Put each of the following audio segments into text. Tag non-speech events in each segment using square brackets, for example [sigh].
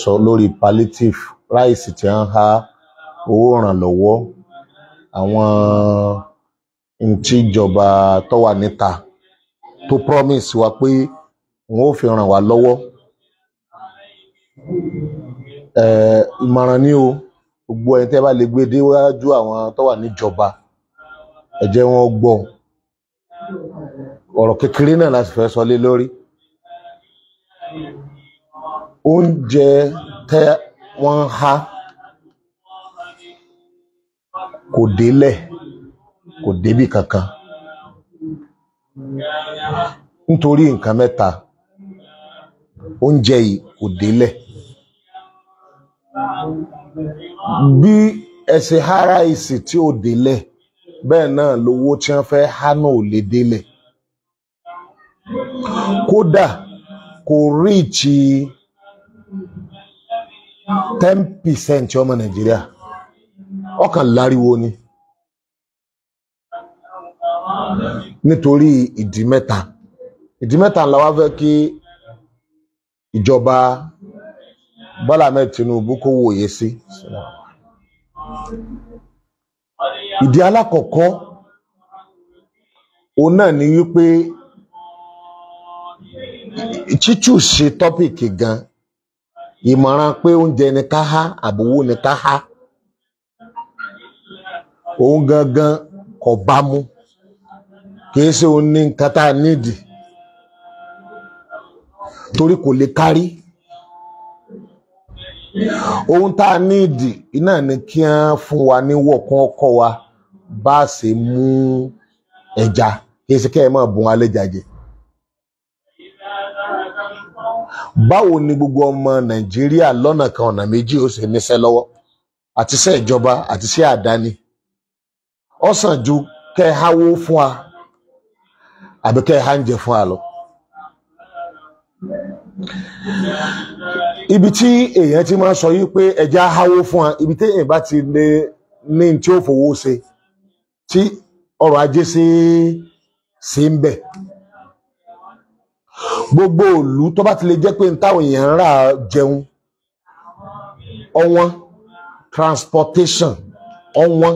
sọ lórí palliative ráìsì tí wọ́n há owó ìrànlọ́wọ́ àwọn ntíjọba tó wà níta tó promise wa pé wọn ò fi ràn wá lọ́wọ́ ìmọ̀ràn ni o gbogbo ẹni tẹ́ bá lè gbé déwájú àwọn tó wà níjọba ẹ wọn gbọ́ ọ̀rọ̀ kékeré náà la sì fẹ́ sọ lé lórí. oúnjẹ tẹ wọn ha kò délẹ̀ kò débi kankan nítorí nǹkan mẹ́ta oúnjẹ yìí kò délẹ̀ bí ẹsẹ̀ hara ìsì tí ò délẹ̀ bẹ́ẹ̀ náà lówó tí wọ́n fẹ́ ha náà ò lè délẹ̀ kódà kò ríìchì. ten percent ọmọ nàìjíríà ọkàn láriwo ni nítorí ìdí mẹ́ta ìdí mẹ́ta ńlá wá fẹ́ kí ìjọba Bọ́lá Ahmed Tinubu kó wòye sí ìdí alákọ̀ọ́kọ́ òun náà ni wípé chichu ṣe tọ́pìkì gan ìmọ̀ràn pé oúnjẹ ni ká há àbówó ni ká há òun gangan kò bá mu kìí ṣe òun ní nǹkan tá a nídìí torí kò lè kárí ohun tá a nídìí iná ni kí á fún wa ní wọ̀kún ọkọ̀ wa bá a ṣe mú ẹja kìí ṣe kẹ́ ẹ máa bùn alẹ́ jàjẹ́. báwo ni gbogbo ọmọ nàìjíríà lọ́nà kan ọ̀nà méjì ó ṣe níṣẹ́ lọ́wọ́ àti iṣẹ́ ìjọba àti adani àdáni ó sàn ju kẹ́ ẹ háwó fún wa àbí kẹ́ ẹ fún wa lọ. ibi tí èèyàn ti máa sọ yìí pé ẹja háwó fún wa ibi téèyàn bá ti lè ní tí ó fowó ṣe tí ọrọ̀ ajé sí sí ń bẹ̀. gbogbo òlú tó bá ti lè jẹ́ pé n táwọn èèyàn ń rà jẹun ọ̀wọ́n transportation ọ̀wọ́n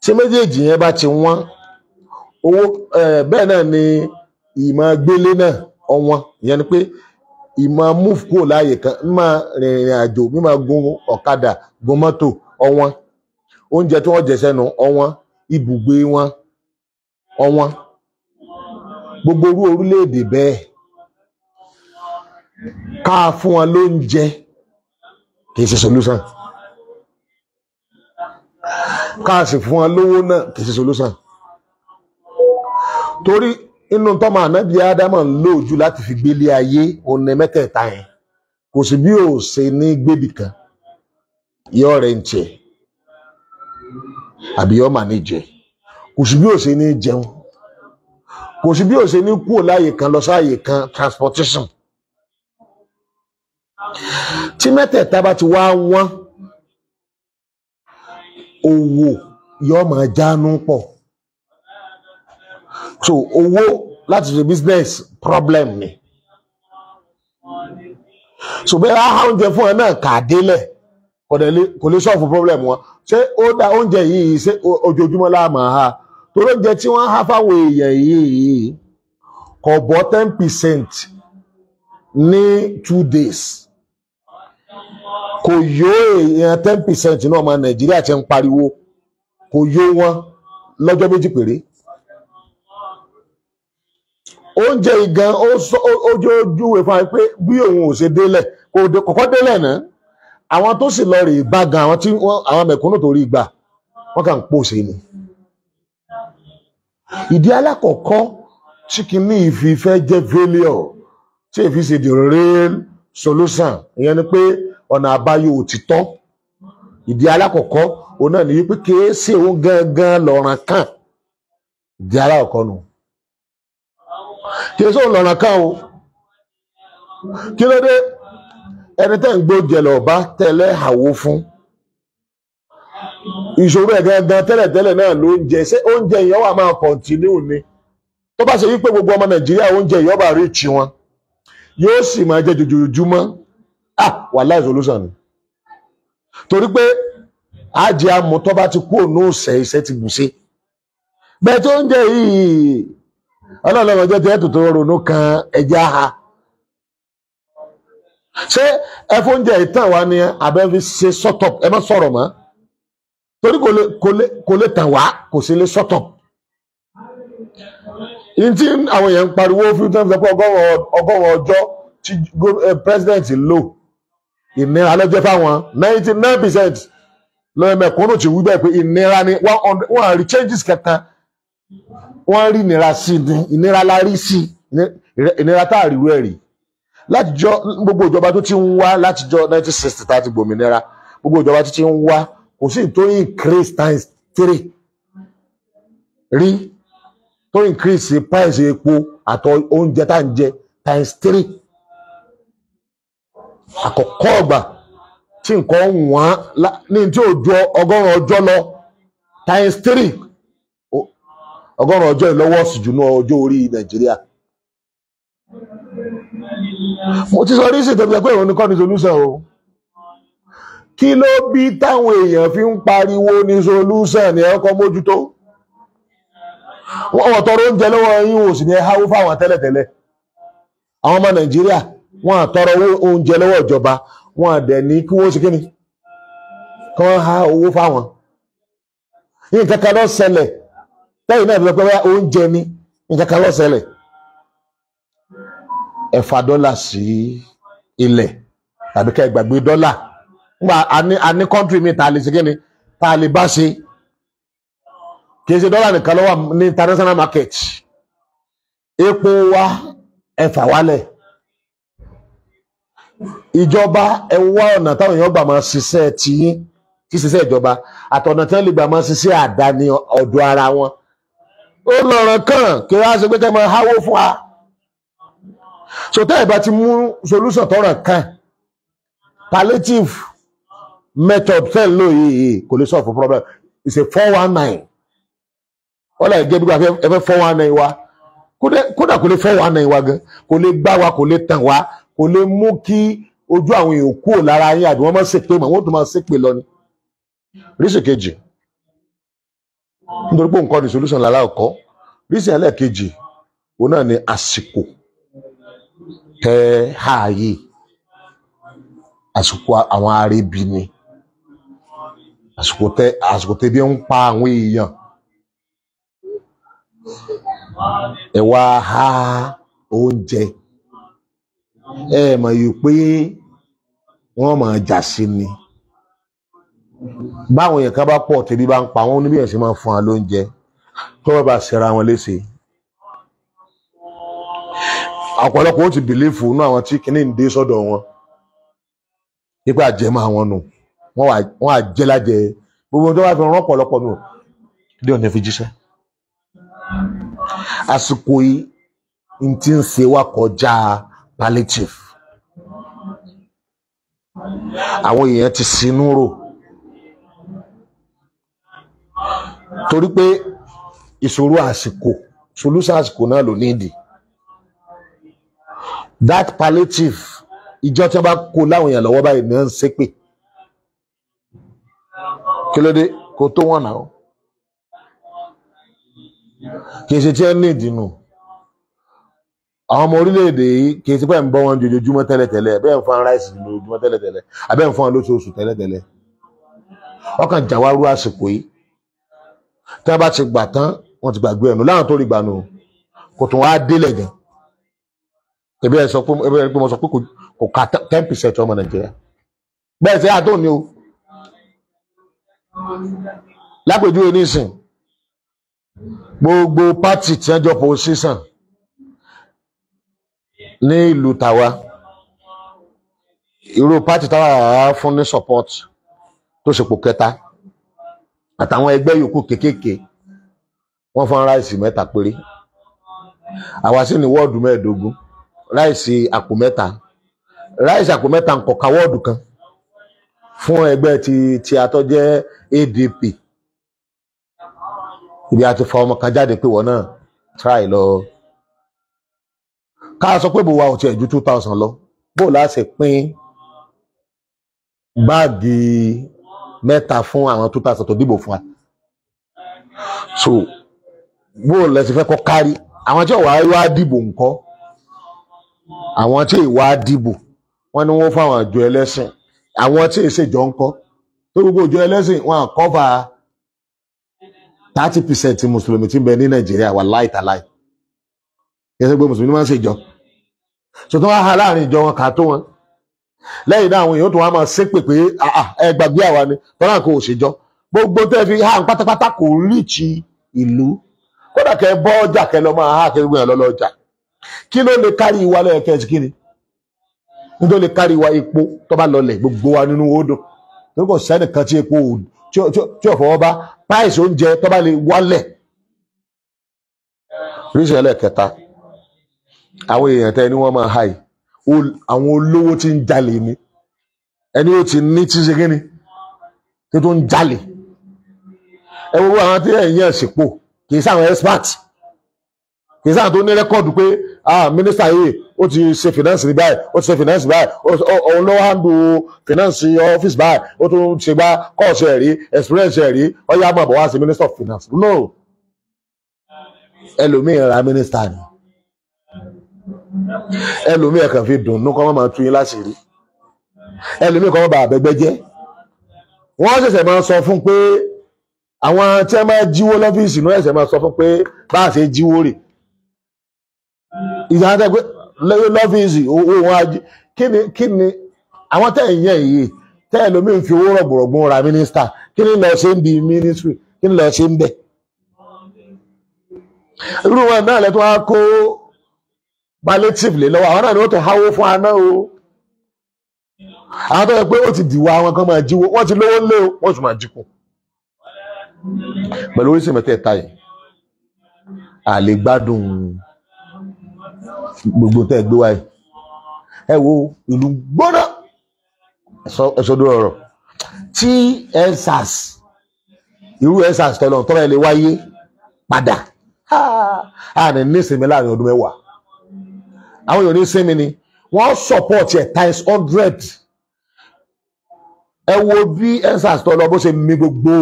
tí méjèèjì yẹn bá ti wọ́n owó bẹ́ẹ̀ náà ni ìmọ̀ gbélé náà ọ̀wọ́n ìyẹn ni pé ìmọ̀ move kúrò láàyè kan mímọ̀ rìnrìn àjò mímọ̀ gun ọ̀kadà gun mọ́tò ọ̀wọ́n oúnjẹ tí wọ́n jẹ sẹ́nu ọ̀wọ́n ibùgbé wọn ọ̀wọ́n gbogbo orú orílẹ̀-èdè bẹ́ẹ̀ ká fún wọn lóúnjẹ kì í ṣe solution ká sì fún wọn lówó náà kì í ṣe solution torí inú tọ́mọ ànábì ádámọ̀ ń lò jù láti fi gbélé ayé ọ̀nà mẹ́tẹ̀ẹ̀ta yẹn kò sí bí ò ṣe ní gbébì kan yọ rẹ̀ ń jẹ àbí yọ mà ní jẹ kò sí bí ò ṣe ní jẹun kò sí bí ó ṣe ní kúrò láàyè kan lọ sáàyè kan transportation tí mẹ́tẹ̀ẹ̀ta bá ti wá wọ́n owó yóò máa jáánú pọ̀ so owó láti ṣe business problem ni so bẹ́ẹ̀ á oúnjẹ fún ẹ náà kà kò lè sọ̀fù problem wọn ṣé ó dá oúnjẹ yìí ṣe ojoojúmọ́ láàmú ha torí oúnjẹ tí wọ́n ń há fáwọn èèyàn yìí kò bọ́ ten percent ní two days kò yó èèyàn ten percent náà ọmọ nàìjíríà ti ń pariwo kò yó wọn lọ́jọ́ méjì péré oúnjẹ ìgan ojoojúwe fún wa pé bí òun ò ṣe délẹ̀ kọ́kọ́ délẹ̀ náà àwọn tó sì lọ rè bá gan àwọn mẹ̀kúnnù tó rí gbà wọ́n kà ń pòṣe ni ìdí alákọ̀ọ́kọ́ tí kìíní ìfi fẹ́ jẹ́ failure tí èfi ṣe the real solution ìyẹn ni pé ọ̀nà àbáyọ òtítọ́ ìdí alákọ̀ọ́kọ́ òun náà nìyí pé kìí ṣe òun gangan lọ́ràn kan ìdí alákọ̀ọ́kọ́ nù kìí ṣe òun lọ́ràn kan o kí ló dé ẹni tẹ́ ń gbó jẹ lọ́ọ́ bá tẹ́lẹ̀ àwo fún ìṣòro ẹ̀ gangan tẹ́lẹ̀tẹ́lẹ̀ náà ló ń jẹ ṣé oúnjẹ yẹn wà máa kọ̀ǹtínú ni tó bá ṣe wípé gbogbo ọmọ nàìjíríà oúnjẹ yẹn bá rí ìtì wọn yóò sì máa jẹ jojoojúmọ́ ah wàhálà solution ni torí pé àjẹ amọ̀ tó bá ti kú òun náà ṣe iṣẹ́ ti bù ṣe bẹ́ẹ̀ tó oúnjẹ yìí ọlọ́ọ̀lọ́wọ́ jẹ́ tiẹ̀ tó tó ronú kan ẹja ha ṣé ẹ fóúnjẹ ìtàn wa ni abẹ́ fi ṣe sọ́tọ̀ ẹ má sọ̀rọ̀ mọ́ torí kò lè kò lè kò lè tàn wá kò sì lè sọ̀tàn ntí àwọn èèyàn ń pariwo fún tí wọ́n sọ pé ọgọ́rùn-ún ọjọ́ tí eh, president lò ìnira lọ́jọ́ fáwọn ninety nine percent lọ́yọ̀ mẹ̀kúnnù ti wí bẹ́ẹ̀ pé ìnira ni wọ́n á rí changes kankan wọ́n rí ìnira sí i ìnira la rí sí i ìnira tá a rí rú ẹ̀ rí látijọ́ gbogbo ìjọba tó ti ń wá látijọ́ nineteen sixty tá gbòmìnira gbogbo ìjọba tó ti ń wá kò sí tó increase times three rí tó increase price epo àtọ oúnjẹ tá ń jẹ times three àkọ́kọ́ ọgbà tí nǹkan wọ́n ní tí ò ju ọgọ́rùn ọjọ́ lọ times three ọgọ́rùn ọjọ́ ìlọ́wọ́ sì jù ní ọjọ́ orí nàìjíríà mo ti sọ rí sí ìtọ́jú ẹgbẹ́ ìrònú kọ́ni solution o kí ló bí táwọn èèyàn fi ń pariwo ní solúsàn ní ẹ̀kọ́ mójútó wọ́n wọ̀ tọrọ oúnjẹ lọ́wọ́ yín ò sì ní ẹ̀háwó fáwọn tẹ́lẹ̀tẹ́lẹ̀ àwọn ọmọ nàìjíríà wọ́n àtọrọ oúnjẹ lọ́wọ́ ìjọba wọ́n àdẹ̀ ní kí wọ́n sì kíni kí wọ́n há owó fáwọn nǹkan kan ló ṣẹlẹ̀ lẹ́yìn náà lọ́pẹ́ wá oúnjẹ ni nǹkan kan ló ṣẹlẹ̀ ẹ̀fà dọ́là sí ilẹ̀ tàbí ká ẹ gbàgbé nígbà àní kọ́ńtírì mi ta lè ni kíni ta lè bá ṣe kìí ṣe dọ́là international market epo wa ẹ̀fà wálẹ̀ ìjọba ẹ wá ọ̀nà táwọn èèyàn gbà máa ṣiṣẹ́ tiyín tí ṣiṣẹ́ ìjọba àtọ̀nà tí wọ́n lè gbà máa ṣiṣẹ́ àdáni ọ̀dọ̀ ara wọn ó lọ́rọ̀ kàn kí wọ́n á ṣe pé kẹ́ máa háwó fún wa sọtẹ́ ìbá ti mú solution tọrọ kan palliative method ten lò yìí kò lè solve for problem it's a four one nine wọ́n láì jẹ́ bí wọ́n fẹ́ four one nine wa kódà kò lè four one nine wa gan kò lè gbá wa kò lè tàn wa kò lè mú kí ojú àwọn èèyàn kúrò lára yín àbí wọ́n máa ṣèpè mọ́ wọ́n tún máa ṣèpè lọ ni rísì kejì nítorí pé nǹkan ni solution lára ọkọ rísì ẹlẹ́ẹ̀kejì òun náà ni àsìkò tẹ́ ààyè àsìkò àwọn arẹ́bí ni àsìkò tẹ àsìkò tẹbi ń pa àwọn èèyàn ẹ wá há oúnjẹ ẹ mọ̀ yìí pé wọ́n máa jà sí ni báwọn èèyàn kan bá pọ̀ tẹbi bá ń pa wọn níbi èèyàn sì máa fún wa lóúnjẹ tó wọ́n bá ṣera wọn léṣe ọ̀pọ̀lọpọ̀ ó ti bìlífù nínú àwọn tí kìnnìún dé sọ́dọ̀ wọn nípa àjẹmọ́ àwọn nù. No wọ́n á jẹ́lájẹ gbogbo tó bá fi rán pọ̀lọpọ̀ nù dé ọ̀nà fi jíṣẹ́ àsìkò yìí n ti ń ṣe wá kọjá palliative àwọn èèyàn ti sinú rò torí pé ìṣòro àsìkò solution àsìkò náà ló ní that palliative ìjọ tí wọn bá kó láwọn èèyàn lọ́wọ́ báyìí náà ń ṣépè kílódé kò tó wọn náà kì í ṣe tí ẹ ní ìdìnnú àwọn ọmọ orílẹ̀-èdè yìí kì í ti pẹ́ ń bọ́ wọn jojoojúmọ́ tẹ́lẹ̀tẹ́lẹ̀ bẹ́ẹ̀ ń fún ráìsì jojoojúmọ́ tẹ́lẹ̀tẹ́lẹ̀ abẹ́ ń fún wọn lóṣooṣù tẹ́lẹ̀tẹ́lẹ̀ ọkàn jàwárú àsìkò yìí tí wọ́n bá ti gbà tán wọ́n ti gbàgbé ẹnu láwọn tó rí gbà nù kò tún wá délẹ̀ gan ẹbí ẹ sọ pé mo sọ pé kò ká ten percent ọmọ Nàìjíríà bẹ́ẹ̀ sẹ́yà tó ní o lápèjúwe nísìn gbogbo pátì tí wọ́n jọ pòsíṣàn ní ìlú tàwa irú pátì táwa rárá fún ní support tó ṣepò kẹta àtàwọn ẹgbẹ́ yòókù kéékèèké wọ́n fún ráìsì mẹ́ta péré àwa sì ní wọ́ọ̀dù mẹ́ẹ̀ẹ́dógún ráìsì àpò mẹ́ta ráìsì àpò mẹ́ta ń kọ̀ka wọ́ọ̀dù kan fún ẹgbẹ́ ti ti àtọ́jẹ́ ADP ibi àti fa ọmọ kan jáde pé wọ́n náà try lọ ká sọ pé bòwá ò tiẹ̀ ju two thousand lọ bó láti pín báàgì mẹ́ta fún àwọn two thousand tó dìbò fún wa so bó lẹ́sìn fẹ́ kọ́ kárí àwọn tí ọ̀wá wá dìbò ńkọ́ àwọn tí ìwà dìbò wọ́n ní wọ́n fún àwọn àjọ ẹlẹ́sìn àwọn tí ìṣèjọ ń kọ́ tó gbogbo òjò ẹlẹ́sìn wọn àkọ́fà thirty percent mùsùlùmí ti ní nàìjíríà wà láì tà láì yẹn mùsùlùmí máa wá ha láàrin ìjọ wọn kà tó wọn lẹ́yìn náà àwọn èèyàn tó wá máa pé gbàgbé àwa ni tọ́lá kò gbogbo tẹ́ fi hàn ìlú kódà kẹ bọ́ ọjà kẹ nítorí lè kárí wa epo tó bá lọlẹ̀ gbogbo wa nínú odò lóko sẹ́nìkan tí epo tí ò fọwọ́ bá páìsì oúnjẹ tó bá lè wálẹ̀ ríṣẹ́ ẹlẹ́kẹta àwọn èèyàn tẹ́ ni wọ́n máa háì àwọn olówó tí ń jalè ni ẹni ó ti ní tí ṣe kí ni tí tó ń jalè ẹ gbogbo àwọn tí ẹ̀yìn ẹ̀ sípò kì í sáwọn expert kì í sáwọn tó ní rẹ́kọ̀dù pé ah minister, yìí ó ti ṣe finance ní báyìí ó ti ṣe finance báyìí òun ló handle finance office báyìí ó tún ṣe gbá kọ́ọ̀sì ẹ̀rí experience ẹ̀rí ọ̀yá àmọ̀ àbọ̀wá sí minister of finance no ẹlòmíì ra minister. ni ẹlòmíì ẹ̀kan fi dùnnú kọ́ máa tún yín láṣìírí ẹlòmíì kọ́ máa bà àbẹ́gbẹ́ jẹ́ wọ́n ṣẹ̀ṣẹ̀ máa sọ fún pé àwọn tí wọ́n máa jíwó lọ́fíìsì náà ṣẹ̀ṣẹ̀ máa sọ fún pé bá ṣe jíwó rèé ìdáhàtẹ́ pé lọ́fíìsì owó ajé kí ni àwọn tẹ́ ń yẹ iye tẹ́ ẹ̀ lómi fi owó rọ̀gbọ̀rọ̀gbọ̀n ra mínísítà kí ni lọ́ọ́ ṣe ń bi mínísítì kí ni lọ́ọ́ ṣe ń bẹ̀. irú wọn náà lẹ́tọ́ wá kó palliative lé lọ́wọ́ àwọn náà ni wọ́n tó háwó fún aná o àwọn tó yẹ pé ó ti dìwọ́ àwọn kan máa jíwó wọ́n ti lówó lé o wọ́n sì máa jíkù pẹ̀lú oríṣi mẹ́tẹ̀ẹ̀ta yìí àlégbádùn gbogbo tẹ́ ẹ gbé wáyé ẹ wo ìlú gbóná ẹ̀sọ́dó ọ̀rọ̀ tí ensars irú ensars tọ́lọ̀ tọ́lọ̀ ẹ̀ lè wáyé padà àní nísìnyí láàrin ọdún mẹ́wàá àwọn èèyàn ní sinmi ni wọ́n support ẹ̀ times hundred ẹ wo bí ensars tọ́lọ̀ bó ṣe mì gbogbo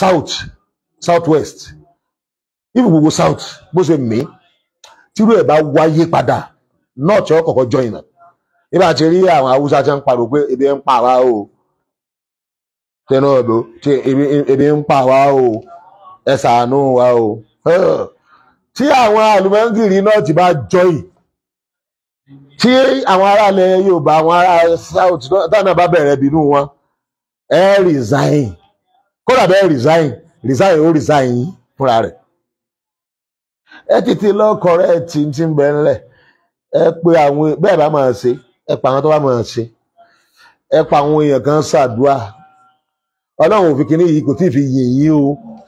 south south west ibi gbogbo south bó ṣe mì tírú ẹ̀ bá wáyé padà náà tí wọ́n kọ́kọ́ jọ ìnà nígbà tí rí àwọn haúsá tí wọ́n ń pariwo pé ebi ń pa wá o tẹnu ọ̀dọ́ tí ebi ń pa wá o ẹ ṣàánú wa o [laughs] tí àwọn àlùmọ́ngìrì náà ti bá jọyìn tí àwọn aráàlẹ̀ Yorùbá àwọn ará South dáná bá bẹ̀rẹ̀ bínú wọn ẹ resign kódà bẹ́ẹ̀ resign resign ó resign fúnra rẹ̀ ẹ tètè lọ kọ̀rẹ́ tí tí ń bẹ ńlẹ̀ ẹ pé àwọn bẹ́ẹ̀ bá máa ṣe ẹ pa àwọn tó bá máa ṣe ẹ pa àwọn èèyàn kan ṣàdúà ọlọ́run òfin kìíní yìí kò tí ì fi yè yín o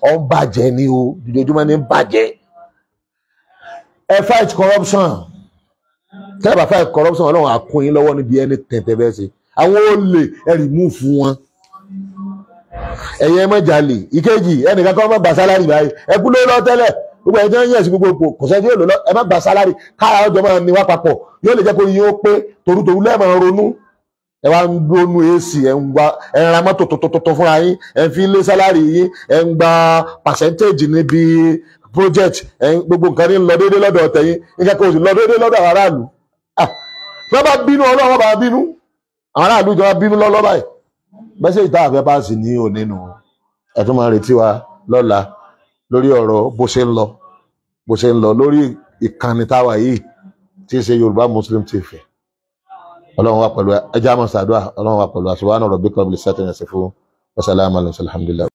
ọ̀ ń bàjẹ́ ni o dìdojúmọ́ ni ń bàjẹ́ ẹ fight corruption tẹ́lẹ̀bà fight corruption ọlọ́run àkún yín lọ́wọ́ níbi ẹni tẹ̀tẹ̀ bẹ́ẹ̀ ṣe àwọn olè ẹ remove wọn ẹ̀yẹ mọ̀jálè ìkejì ẹnìkan kan mọ̀ gbà sálárì báyìí ẹ kú ló lọ gbogbo ẹjọ́ yẹn sí gbogbo kòsẹ́ tí yóò lọ ẹ má gba sálárì kára ọjọ́ máa ní wá papọ̀ yóò lè jẹ́ kó yín ó pé torútorú lẹ́ẹ̀mọ̀ ronú ẹ wá ń gbónú èsì ẹ ń gba ẹ ra mọ́tò tuntun fúnra yín ẹ ń lé sálárì yín ẹ ń gba pàṣẹ́ntéèjì níbi project ẹ ń gbogbo nǹkan ní lọ déédéé lọ́dọ̀ tẹ̀yìn nǹkan kò sì lọ déédéé lọ́dọ̀ àwọn aráàlú wọ́n bá bínú ọlọ́wọ́ bá bínú àwọn aráàlú ìjọba bínú lọ́lọ́ báyìí mẹ́sẹ̀jì táwọn tún máa retí wa lọ́la lórí ọ̀rọ̀ bó ṣe ń lọ bó ṣe ń lọ lórí ìkànnì táwa yìí tí í ṣe Yorùbá Muslim TV ọlọ́run wa pẹ̀lú ẹja mọ̀ sàdúrà ọlọ́run wa pẹ̀lú àṣùwọ̀n ọ̀rọ̀ bí kọ́bìlì sátẹ̀ ẹ̀ fún wasalaamu alaykum alhamdulilayi.